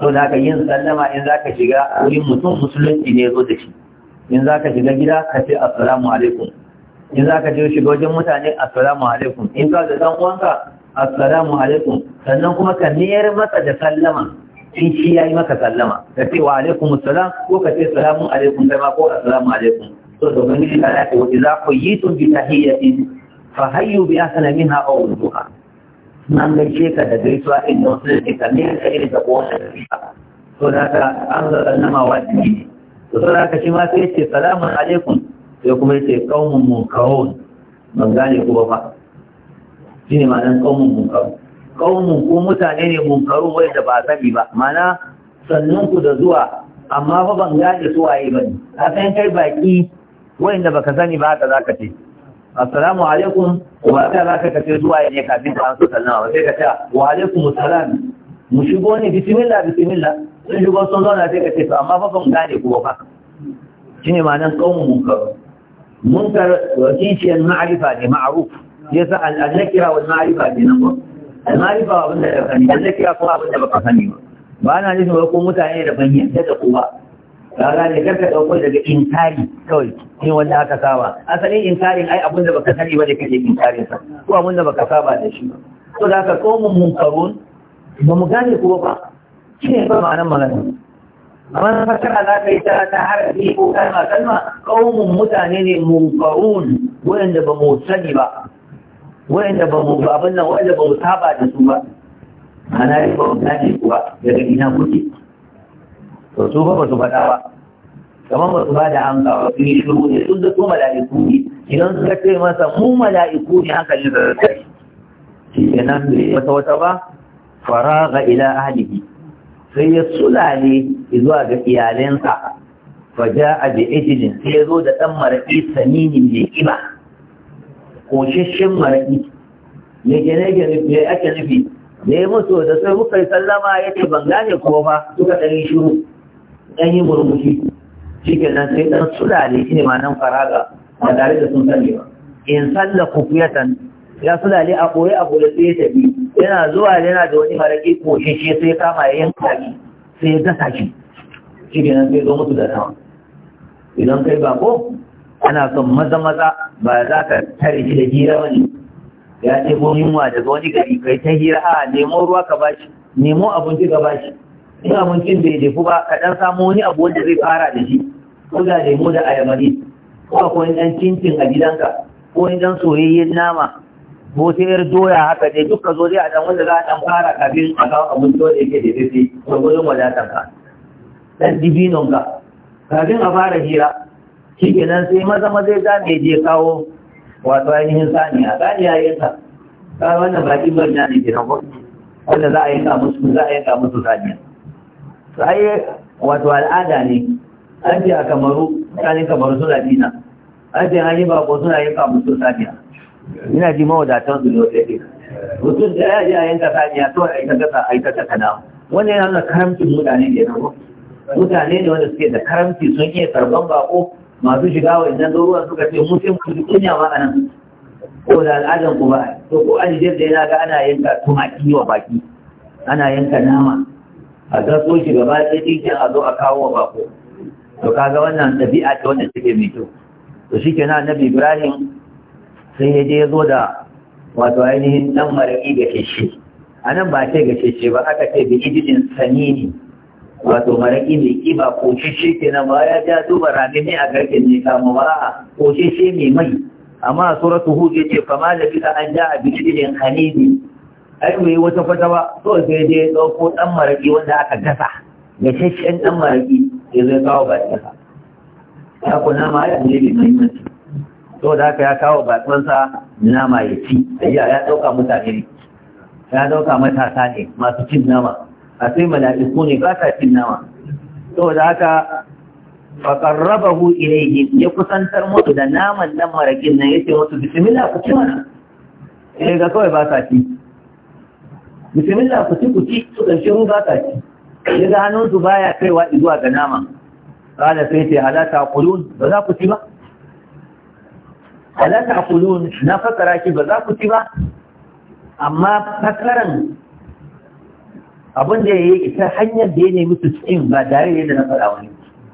to da haka yin sallama in zaka shiga wurin mutum musulunci ne zo da shi in zaka shiga gida ka ce assalamu alaikum in zaka je shiga wajen mutane assalamu alaikum in ka da dan uwanka assalamu alaikum sannan kuma ka mayar masa da sallama in shi yayi maka sallama ka ce wa alaikum assalam ko ka ce assalamu alaikum sai ma ko assalamu alaikum to domin shi ta ce wa idza quyitum bi tahiyyatin fa hayyu bi ahsana minha aw rudduha an gaishe ka da gaisuwa in da wasu da ka mayar ka iri da kowace da to da ka an ga sallama wajibi to sai ka shi ma sai ce assalamu alaikum sai kuma yace qaumun munkawun ban gane ku ba shi ne ma'anar ƙaunin munkaru ƙaunin ku mutane ne munkaru wai da ba sani ba mana sannan ku da zuwa amma fa ban gane su waye ba ne a san kai baki wanda baka sani ba haka zaka ce assalamu alaikum wa ta ka kace zuwa ne kafin ka amsa sallama sai ka ce wa alaikum assalam mu shigo ne bismillah bismillah sun shigo sun zauna sai ka ce to amma fa ban gane ku ba ne ma'anar ƙaunin munkaru munkar wakilciyar ma'arifa ne ma'aruf yasa al-nakira wal ma'rifa kenan ko al-ma'rifa wal da ka sani al-nakira kuma abin da baka sani ba ba na nufin wai ko mutane da ban yadda da ku ba ga ne karka dauko daga inkari kawai in wanda aka saba asalin inkarin ai abin da baka sani bane kake inkarin sa ko abin da baka saba da shi to da ka mun karun? ba mu gane ko ba shi ne ba ma'anar magana amma na fasara za ka yi ta ta harafi ko kalma kalma qaumun mutane ne munkarun wanda ba mu sani ba wayanda ba mu ba abin nan wayanda ba mu saba da su ba ana yi ba mu gane kuwa daga ina kuke to su ba ba su faɗa ba kamar ba su ba da an ba su yi shiru ne sun da su mala'iku ne idan suka ce masa mu mala'iku ne haka ne da kai shi kenan bai wata wata ba faraga ila ahlihi sai ya sulale zuwa ga iyalensa faja a da ejilin sai ya zo da ɗan maraƙi saninin mai ƙiba koshashen maraƙi me gane gane me ake nufi da ya mutu da sai muka yi sallama ya ce ban gane kuma ba suka ɗari shuru shiru ɗan yi murmushi shi ke nan sai ɗan sulale shi ne ma nan faraga ba tare da sun sani ba in salla kufiyatan ya sulale a ɓoye a ɓoye sai ya tafi yana zuwa yana da wani maraƙi koshashe sai kama ya yanka shi sai ya gasa shi shi ke nan sai zo mutu da sama idan kai ba ko ana son maza maza ba za ka tare shi da hira ba ne. ya nemo yunwa daga wani gari kai ta hira a nemo ruwa ka bashi nemo abinci ka bashi in abincin bai dafu ba ka dan samu wani abu wanda zai fara da shi ko da nemo da ayamari ko akwai dan cincin a gidanka ko wani dan soyayyen nama ko ta yar doya haka dai duk ka zo dai a dan wanda za a dan fara kafin a kawo abinci wanda yake da daidai ko gudun wadatanka dan dibinonka kafin a fara hira shi kenan sai maza maza ya zame je kawo wato ainihin saniya saniya ya sa ka wannan baƙin manya ne gidan ko wanda za a yanka musu za a yanka musu saniya to ai wato al'ada ne an ce a kamaru mutanen kamaru suna dina an ce an yi bako suna yanka musu saniya ina ji mawadatan su ne wata ɗaya mutum da ya ji a yanka saniya to a yi ta gasa a yi ta gasa na wannan yana nuna karamcin mutane ne mutane ne wanda suke da karamci sun iya karɓan bako masu shiga wa idan garuruwa suka ce mu sai mu kunya ba anan ko da al'adan ku ba to ko an da yana ga ana yanka tumaki wa baki ana yanka nama a so shi gaba ɗaya ɗinkin a zo a kawo wa bako to kaga wannan ɗabi'a ce wanda take mai kyau to shi na annabi ibrahim sai ya je ya zo da wato ainihin dan maraƙi ga shi a nan ba ce ga shi ba aka ce bi idin sanini wato maraƙi mai kiba ko shishe ke nan ba ya ja duba rami ne a garken ne kama ba ko shishe mai mai amma a tsoron su hujje ce fama da fita an ja a bishirin hanidi ai mai wata kwata ba to sai dai ɗauko ɗan maraƙi wanda aka gasa da shashen ɗan maraƙi ya zai kawo ba ya ta kuna ma ya ne mai mahimmanci. to da haka ya kawo bakonsa nama ya ci ya ɗauka mutane ne ya ɗauka matasa ne masu cin nama a sai mala'iku ne ba sa cin nama saboda haka faƙarrabahu ilaihi ya kusantar mutu da naman nan marakin nan ya ce mutu "Bisimila, ku ci mana sai ga kawai ba sa ci "Bisimila, ku ci ku ci su ɗan shiru ba sa ci ya ga hannunsu ya kaiwa zuwa ga nama ƙala sai ce halata kulun ba za ku ci ba halata kulun na fakara ki ba za ku ci ba amma fakaran abin da ya yi ita hanyar da ya nemi su tsayin ba tare da na faɗa wani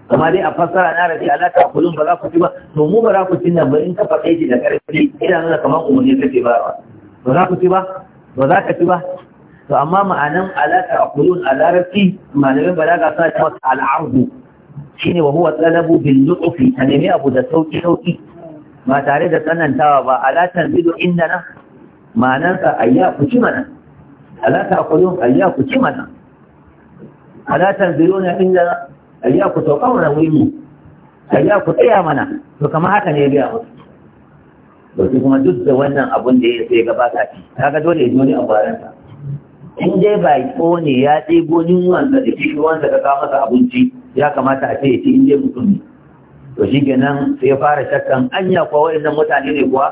kuma dai a fasara na rabi ta kullum ba za ku ci ba to mu ba za ku ci nan ba in ka faɗa shi da ƙarfi ina nuna kamar umarni kake ba ba za ku ci ba ba za ka ci ba to amma ma'anan ala a kullum a larabci malamin balaga suna cewa al'ardu shine wa huwa talabu bil lutfi a nemi abu da sauki sauki ba tare da tsanantawa ba alatan bidu inda na ma'anansa ayya ku ci mana ala ta akulun ayya ku ci mana ala ta inda ayya ku sauka mana wuri ayya ku tsaya mana to kamar haka ne biya musu dauki kuma duk da wannan abun da ya sai gabata ci kaga dole ya dole a bayansa in dai ba ko ne ya ɗebo yunwansa da shi ruwansa ka kawo masa abinci ya kamata a ce ya ci in dai mutum ne to shi kenan sai ya fara shakkan anya kuwa waɗannan mutane ne kuwa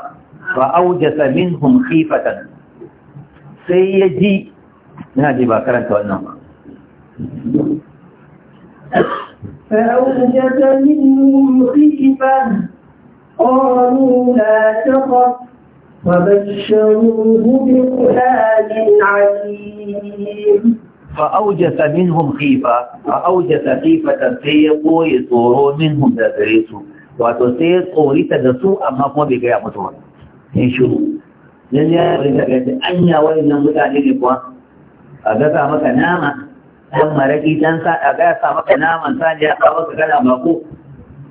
fa aujasa minhum khifatan sai ya ji na ji ba karanta wannan ba فأوجس منهم خيفة فأوجس خيفة سيقوا يطوروا منهم دا دريسوا واتو سيقوا لتدسوا أما قوى بقيا متوان إن yanzu ya yi da gaji anya wayannan mutane ne kuwa a gasa maka nama dan maraki dan sa a sa maka naman saniya a sa maka mako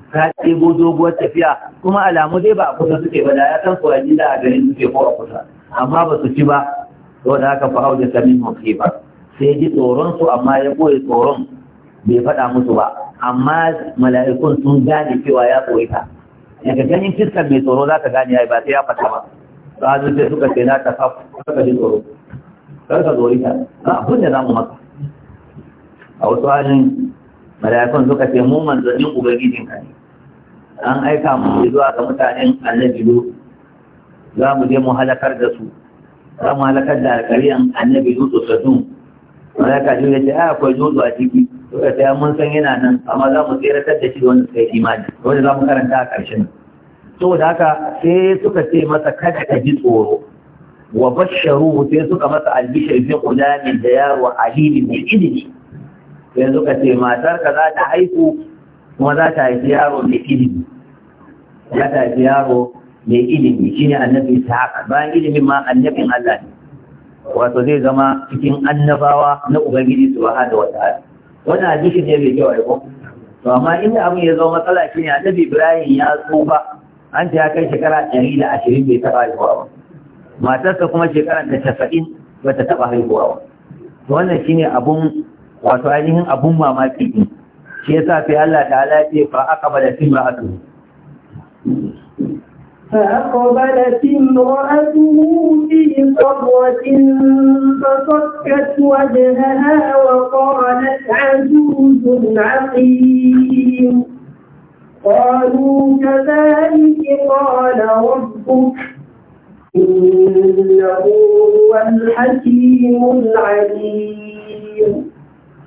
ka ɗebo doguwar tafiya kuma alamu dai ba a kusa suke ba da ya san kuwa da a garin suke ko a kusa amma ba su ci ba saboda haka fa hau da samin mafi ba sai ji tsoron su amma ya koyi tsoron bai faɗa musu ba amma mala'ikun sun gane cewa ya koyi ta daga ganin fiskar mai tsoro za ka gane ya ba sai ya faɗa ba ranar sai suka ce na ta kafa suka ji tsoro kar ka zori ta na abin da zamu maka a wasu halin mala'ikun suka ce mu manzannin ubangijin ka ne an aika mu zuwa ga mutanen annabi lu za mu je mu halakar da su za mu halakar da alkariyan annabi lu sosai malaka ya ce a akwai jodo a ciki Suka ce mun san yana nan amma za mu tseratar da shi da wanda suka yi imani wanda za mu karanta a ƙarshen saboda haka sai suka ce masa kada ka ji tsoro wa basharu sai suka masa albishir fi kulamin da yaro alimi mai ilimi sai suka ce matar ka za ta haihu kuma za ta haifi yaro mai ilimi za ta haifi yaro mai ilimi shine annabi ta haka? bayan ilimin ma annabin Allah ne wato zai zama cikin annabawa na ubangiji da wata hada Wani hadisi ne mai kyau ai ko to amma inda abin ya zama matsala shine annabi Ibrahim ya tsufa an ta ya kai shekara ɗari da ashirin bai taɓa haihuwa ba matarsa kuma shekara da casa'in ba ta taɓa haihuwa ba to wannan shine abun wato ainihin abun mamaki ɗin shi yasa sai Allah ta'ala ce fa aqbala timra'atu fi sabwatin fa صرة فصكت wa qalat azuzun aqim قالوا كذلك قال ربك إنه هو الحكيم العليم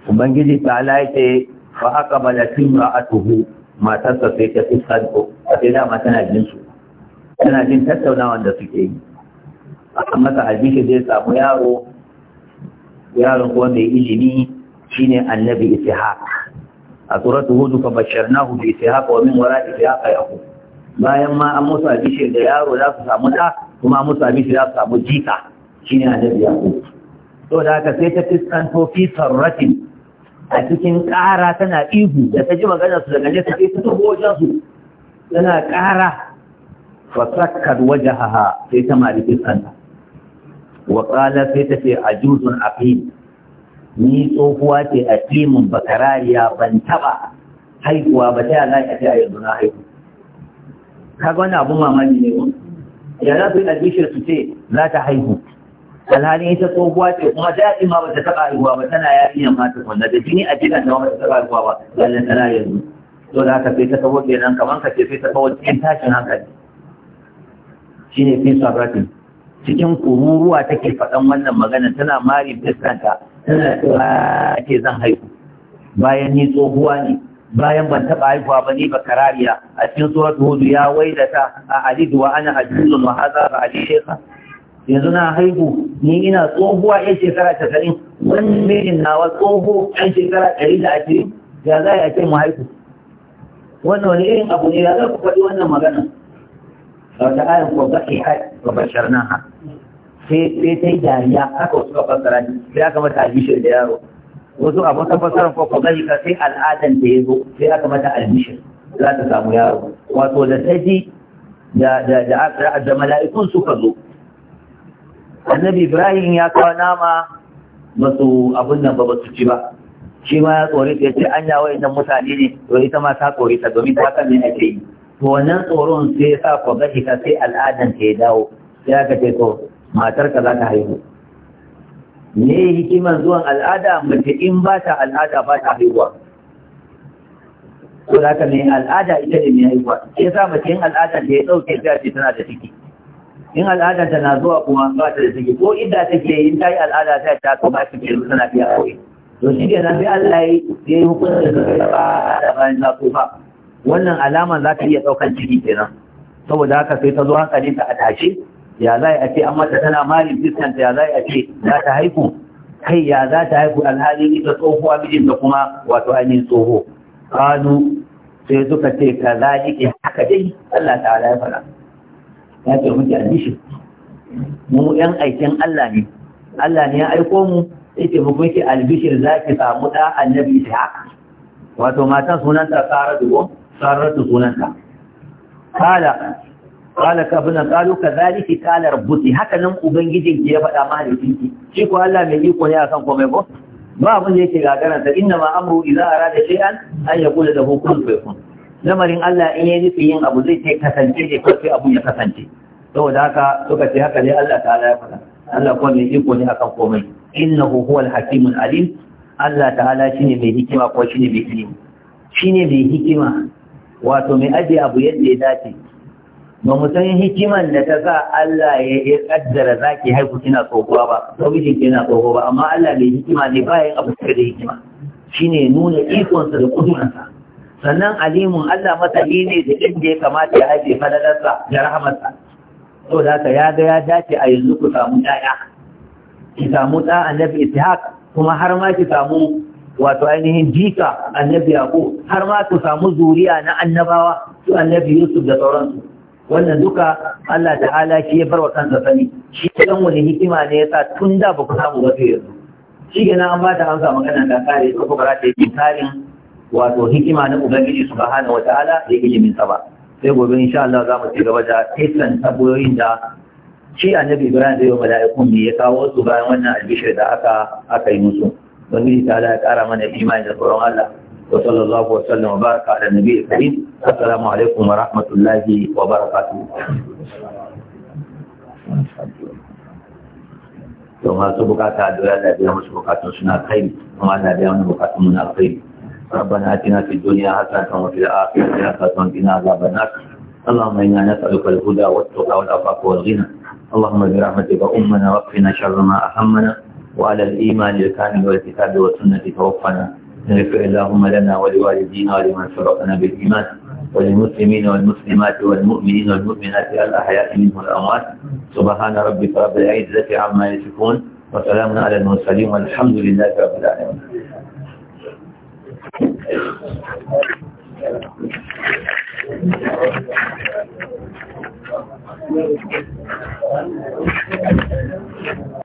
Ubangiji ta laite fa aka bada timra a tuhu matarsa sai ta fi sadko a sai dama tana jin su tana jin tattaunawan da suke yi aka masa albishi zai samu yaro yaron kuwa mai ilimi shine annabi ishaq a suratu hudu fa basharnahu bi ishaq wa min wara'i ishaq yaqub bayan ma an musu abishir da yaro za su samu da kuma musu abishir za su samu jika shine annabi ku to da haka sai ta fiskanto fi sarratin a cikin ƙara tana ihu da ta ji magana su daga nesa sai ta taho wajen su tana ƙara fasakkar wajahaha sai ta mari fiskanta wa qala sai ta ce ajuzun aqim ni tsohuwa ce a timin bakarariya ban taba haihuwa ba ta yana ake a yanzu na haihu kaga wani abun mamaki ne wani ya za su yi albishir su ce za ta haihu alhalin ita tsohuwa ce kuma ta yaki ma ba ta taɓa haihuwa ba tana yaɗi yan mata kwanda da jini a jikin ta bata ta taɓa haihuwa ba ta tana yanzu to da haka sai ta kawo nan kamar ka ce sai ta kawo cikin tashin hankali shine fi sabratin cikin kururuwa take faɗan wannan magana tana mari fuskanta tana cewa ake zan haihu bayan ni tsohuwa ne bayan ban taɓa haihuwa ba ne ba karariya a cikin surat hudu ya wailata a alidu wa ana ajizun wa haza ba ali shekha yanzu na haihu ni ina tsohuwa yan shekara casa'in wani mijin nawa tsoho yan shekara ɗari da ashirin ya za a ce mu haihu wannan wani irin abu ne ya za ku faɗi wannan magana a wata ayan ko ba ke haifar ba bashar nan haka sai ta yi dariya haka wasu ka fassara ne sai aka mata albishir da yaro wasu abokan fassarar ko ko zai ka sai al'adan da ya zo sai aka mata albishir za ta samu yaro wato da ta ji da da da mala'ikun suka zo annabi ibrahim ya kawo nama Basu abun nan ba basu ci ba shi ma ya tsori ta ce an yawa idan mutane ne to ita ma ta tsori ta domin ta kan ne ake yi to wannan tsoron sai ya sa ko gashi ka sai al'adan ta ya dawo sai aka ce to matar ka za ta haihu me hikiman zuwan al'ada mace in ba ta al'ada ba ta haihuwa ko za ka mai al'ada ita ne mai haihuwa ke sa mace in al'ada ta ya ɗauke ta ce tana da ciki in al'ada ta na zuwa kuma ba ta da ciki ko idda take in ta yi al'ada ta ta kuma ta ke tana biya aure to shi ke nan sai Allah ya yi hukunci da ba da bayan ko ba wannan alama za ta iya ɗaukan ciki kenan saboda haka sai ta zo hankalinta a tashe ya za a ce an mata tana malin fiskanta ya za a ce za ta haiku kai ya za ta haiku alhali ita tsoho a mijinta kuma wato ainihin tsoho kanu sai suka ce ka za ke haka dai Allah ta ala ya fara ya ce muke addishi mu yan aikin Allah ne Allah ne ya aiko mu sai ce muku yake albishir za ki samu ɗa annabi ta haka wato matan sunanta saratu ko saratu sunanta kala qala ka bana qalu kadhalika qala rabbuki haka nan ubangijin ki ya faɗa mahaifin ki shi ko Allah mai iko ne akan komai ko ba abin da yake gagaran ta inna ma amru idza arada shay'an an yaqula lahu kun fayakun lamarin Allah in ya nufi yin abu zai kai kasance ne kawai abu ya kasance saboda haka suka ce haka ne Allah ta'ala ya faɗa Allah ko mai iko ne akan komai innahu huwal hakimul alim Allah ta'ala shine mai hikima ko shine mai ilimi shine mai hikima wato mai aje abu yadda ya dace ba mu san hikiman da ta sa Allah ya ya kaddara zaki haihu kina tsohuwa ba ko mijin kina tsoho ba amma Allah mai hikima ne bayan abu da hikima shine nuna ikonsa da kudurinsa sannan alimun Allah masani ne da inda ya kamata ya haife fadalarsa da rahamarsa to da ya ga ya dace a yanzu ku samu ɗaya ki samu ɗa annabi ishaq kuma har ma ki samu wato ainihin jika annabi yaqub har ma ku samu zuriya na annabawa su annabi yusuf da sauransu wannan duka Allah ta'ala shi ya barwa kansa sani shi dan wani hikima ne ya sa tun da ba ku samu ba sai yanzu shi kenan an ba ta amsa magana da kare ko ba ta yi tarin wato hikima na ubangiji wata wataala da ilimin sa ba sai gobe insha Allah za mu ci gaba da kisan taboyoyin da shi annabi Ibrahim da ya mala'ikun ne ya kawo su bayan wannan albishir da aka aka yi musu. Ubangiji ta Allah ya kara mana imani da tsoron Allah. وصلى الله وسلم وبارك على النبي الكريم السلام عليكم ورحمة الله وبركاته ثم سبقات bukata da ya biya musu bukatun suna kai kuma ana ربنا اتنا في الدنيا حسنه وفي الاخره حسنه وقنا عذاب النار اللهم انا نسالك الهدى والتقى والعفاف والغنى اللهم برحمتك امنا واكفنا شر ما اهمنا وعلى الايمان الكامل والكتاب والسنه توفنا اغفر اللهم لنا ولوالدينا ولمن سبقنا بالإيمان وللمسلمين والمسلمات والمؤمنين والمؤمنات الأحياء منهم الأموات سبحان ربك رب العزة عما يصفون وسلام على المرسلين والحمد لله رب العالمين Thank you.